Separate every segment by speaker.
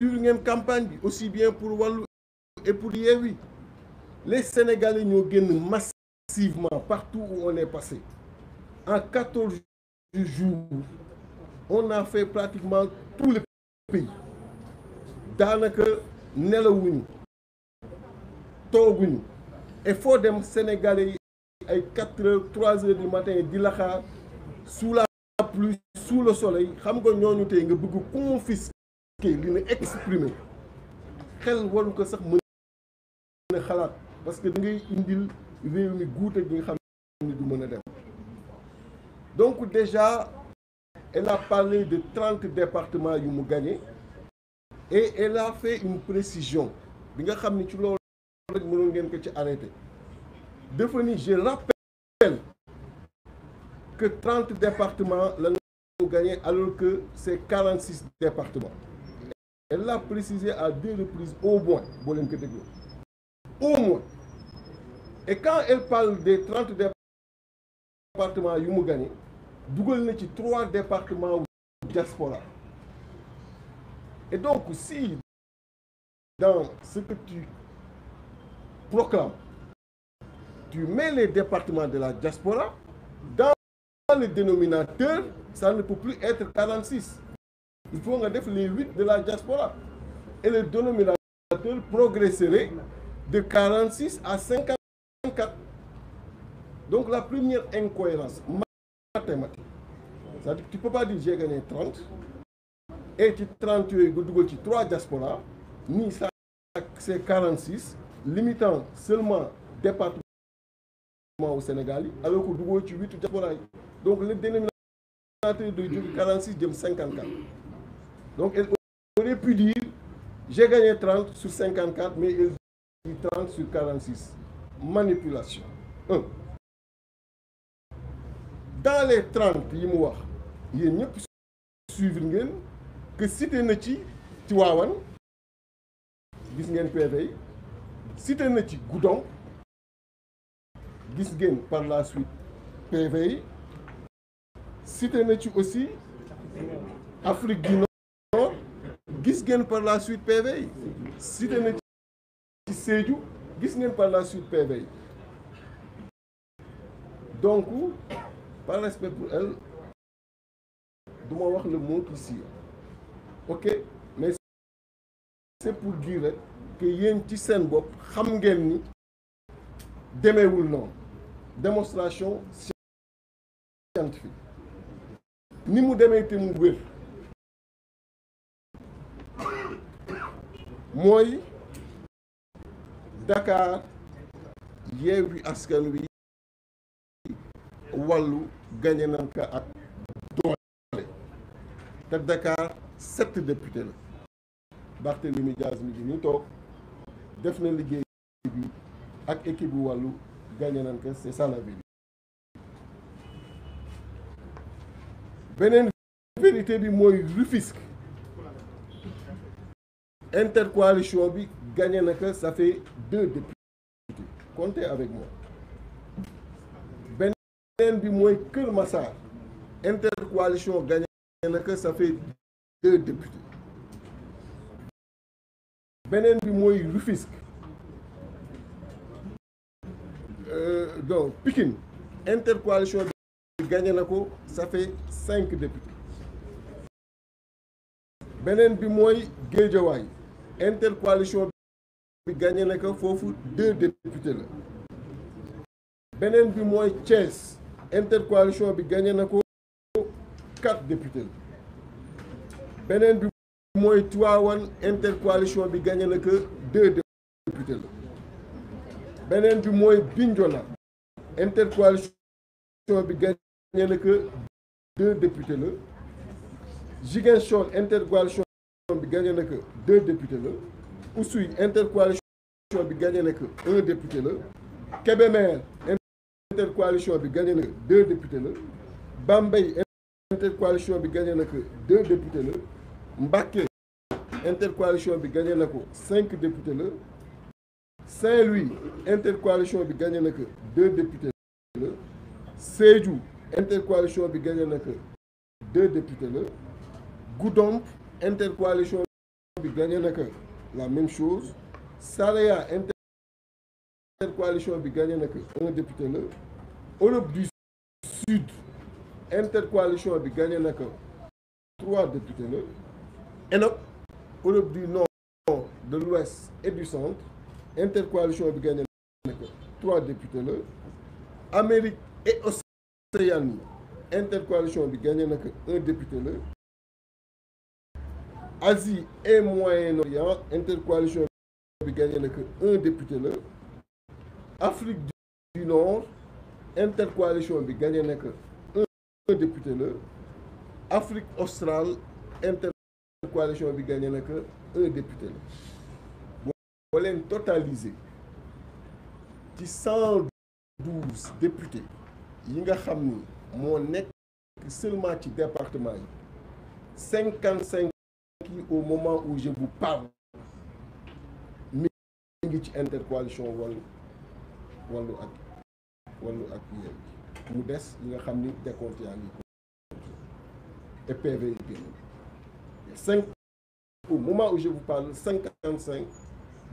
Speaker 1: suivre ngeen campagne bi aussi bien pour wàllu et pour Yewwi les Sénégalais ñoo génn massivement partout où on est passé en quatorze jours on a fait pratiquement tous les pays daanaka nelawuñu tooguñu et foo dem Sénégalais yi ay quatre heures trois heures du matin di la xaar la pluie sous le soleil xam nga ñooñu tey nga bëgg confisquer kii li na exprimer xel waru ko sax mën a xalaat parce que da indil réew mi guute gi nga xam ne du mën a dem donc déjà elle a parlé de trente départements yu mu gagné et elle a fait une précision bi nga xam ne ci loolu rek mënoon ngeen ko ci arrêté dafa ni je rappelle que trente départements la mu gagné alors que c'est quarante six départements elle l'a précisé à deux reprises au moins boo leen ko déglu au moins et quand elle parle des trente départements yu mu gagné dugal na ci trois départements diaspora et donc si dans ce que tu proclames tu mets les départements de la diaspora dans le dénominateur ça ne peut plus être 46 il faut nga def les huit de la diaspora et le dénominateur progresserait de 46 à 54 donc la première incohérence mathématique c'est-à-dire que tu peux et ci 30 yooyu nga dugal ci trois diaspora ni ça c'est 46 limitant seulement département au Sénégal yi alors que dugal ci huit diaspora yi donc le dénominateur de jóge 46 jëm 54 Donc elle aurait pu dire, j'ai gagné 30 sur 54, mais elle dit 30 sur 46. Manipulation. 1. Dans yi mu wax yéen ñëpp suivre ngeen que cité na ci Tivaouane gis ngeen PV yi na ci Goudomp gis ngeen par la suite PV yi na ci aussi Afrique du Nord ngeen par la suite PV yi cité na ci Sédhiou gis ngeen par la suite PV yi par respect pour elle du wax le mot qui suit ok mais c'est pour dire rek que ci seen bopp xam ngeen ni demeewul noonu démonstration scientifique ni mu demee te mu wér mooy Dakar Yewwi Askan Wi wàllu gagné nañ ko ak doole te Dakar sept député la Barthélémy Diaz mi ngi ñu toog def na liggéey bi ak équipe bu wàllu gagné nañ beneen vérité bi mooy Rufisque intercoalition bi gañe na ko ça deux députés comptez avec moi beneen bi mooy Kër Massar intercoalition gagné na ko ça deux députés beneen bi mooy Rufisque euh, na ko ça cinq députés bi mooy Guédiawaye intercoalition bi gagné na ko foofu deux députés la beneen bi mooy Thiès intercoalition bi gagné na ko quatre députés la beneen bi mooy Tivaouane intercoalition bi gagné na ko deux députés la beneen bi mooy Bignona intercoalition bi gagné na ko deux députés la Ziguinchor intercoalition gagné na que deux députés la Oussouye intercoalition bi gagné na que un député la Kébémer intercoalition bi gagné na que deux députés la Bambey intercoalition bi gagné na que deux députés la Mbacké intercoalition bi gagné na ko cinq députés la Saint-Louis intercoalition bi gagné na que deux députés la Sédhiou intercoalition bi gagné na que deux députés la Goudomp intercoalition bi gagné na la même chose Saraya intercoalition bi gagné na ko un député la Europe du Sud intercoalition bi gagné na ko trois députés la ENOP Europe du Nord de l'Ouest et du Centre intercoalition bi gagné na trois députés la Amérique et Océanie intercoalition bi gagné na un député la Asie et Moyen-Orient intercoalition bi gagné na que député la Afrique du Nord intercoalition bi gagné na que un député la Afrique australe intercoalition bi gagné na que député la boo leen ci cent yi nga xam ni moo nekk seulement ci département yi cinq qui au moment où je vous parle mi ngi ci intercoalition wàllu wàllu ak wàllu ak Yewwi mu des yi nga xam ni décompte yaa ngi et PV yi génn cinq au moment où je vous parle cinquante cinq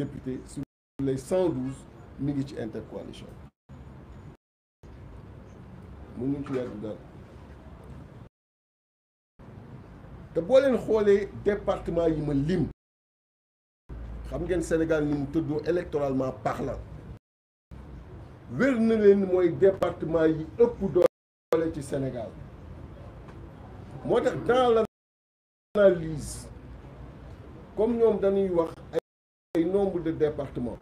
Speaker 1: députés sur les cent douze mi ngi ci intercoalition mënuñ ci yàgg dara te boo leen xoolee département yi ma lim xam ngeen Sénégal ni mu tëddoo électoralement parlant wér na leen mooy département yi ëpp doole ci Sénégal moo tax dans l'analyse comme ñoom dañuy wax ay nombre de départements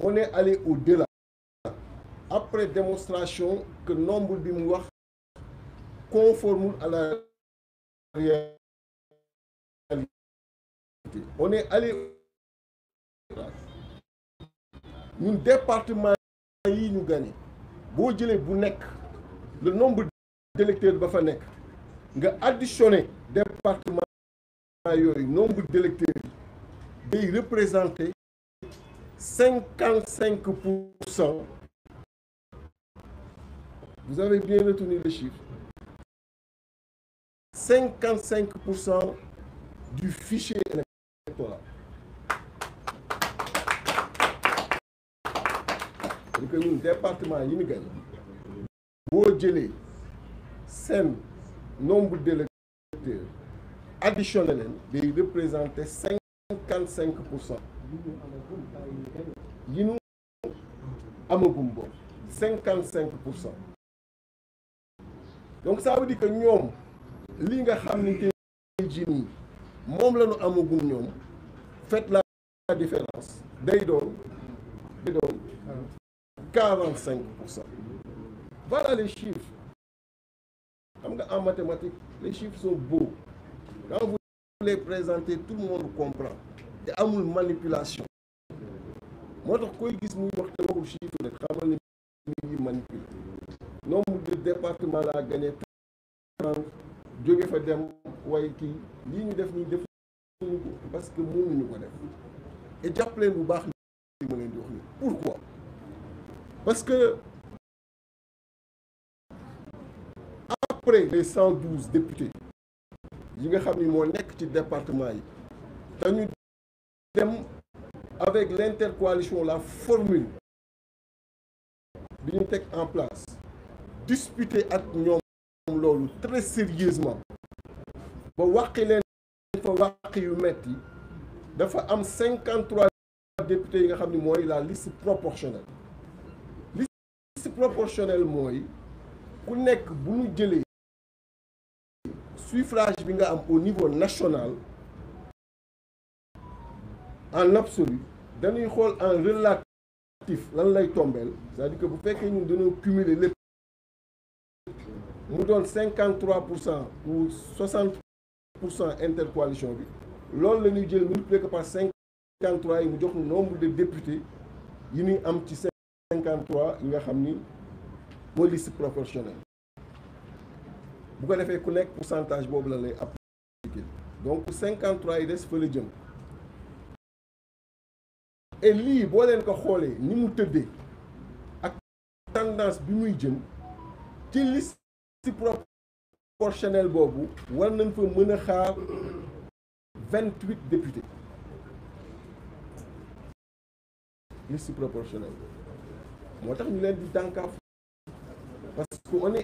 Speaker 1: on est allé au-delà après démonstration que nombre bi mu wax conforme à réalité on est allé ñun département yi ñu gagné boo jëlee bu nekk le nombre d'électeurs ba fa nekk nga additionné département yooyu nombre d'électeurs yi day représenter pour cent vous avez bien retenu le chiffre cinquante cinq pour cent du fichier électoral dañ yi ñu gañ boo jëlee seen nombre d'électeurs additionné leen day représenter cinquante cinq pour cent yi ñu amagum boobu cinquante cinq pour cent donc ça veut dire que ñoom lii nga xam ni tey jii moom la ñu amagum ñoom faites la différence day doon day doon quarante cinq pour cent voilà les chiffres xam nga en mathématiques les chiffres sont beaux quand vous les présentez tout le monde comprend amul manipulation moo tax koy gis muy wax te waxul chiffre rek xamal ne mi ngi manipuler nombre de départements la gagné jóge fa dem way kii lii ñu def nii defuñu parce que mënuñu ko def et jàpp leen bu baax li ma leen di wax pourquoi parce que après les cent douze députés yi nga xam ni moo nekk ci département yi te ñu dem avec l'intercoalition la formule bi ñu teg en place discuter ak ñoom loolu très sérieusement ba wàqi leen fa wàqi yu metti dafa am 53 yi nga xam ni mooy la liste proportionnelle liste proportionnelle mooy ku nekk bu ñu jëlee suffrage bi nga am au niveau national en absolu dañuy xool en relatif lan lay tombel c'est-à-dire que bu fekkee ñun dañoo cumuler lépp mu doon 53 pour cent ou 60 pour cent intercoalition bi loolu la ñuy jël multiplié ko yi mu jox ñu nombre de députés yi ñuy am ci cinquante trois yi nga xam ni mooy liste proportionnelle bu ko defee ku nekk pourcentage boobu la lay appliqué donc cinquante yi des fala jëm et lii boo leen ko xoolee ni mu tëddee ak tendance bi muy jëm ci liste proportionnel boobu war nañ fa mën a xaar vingt huit députés liste proportionnelle moo tax ñu leen di dànkaaf parce que on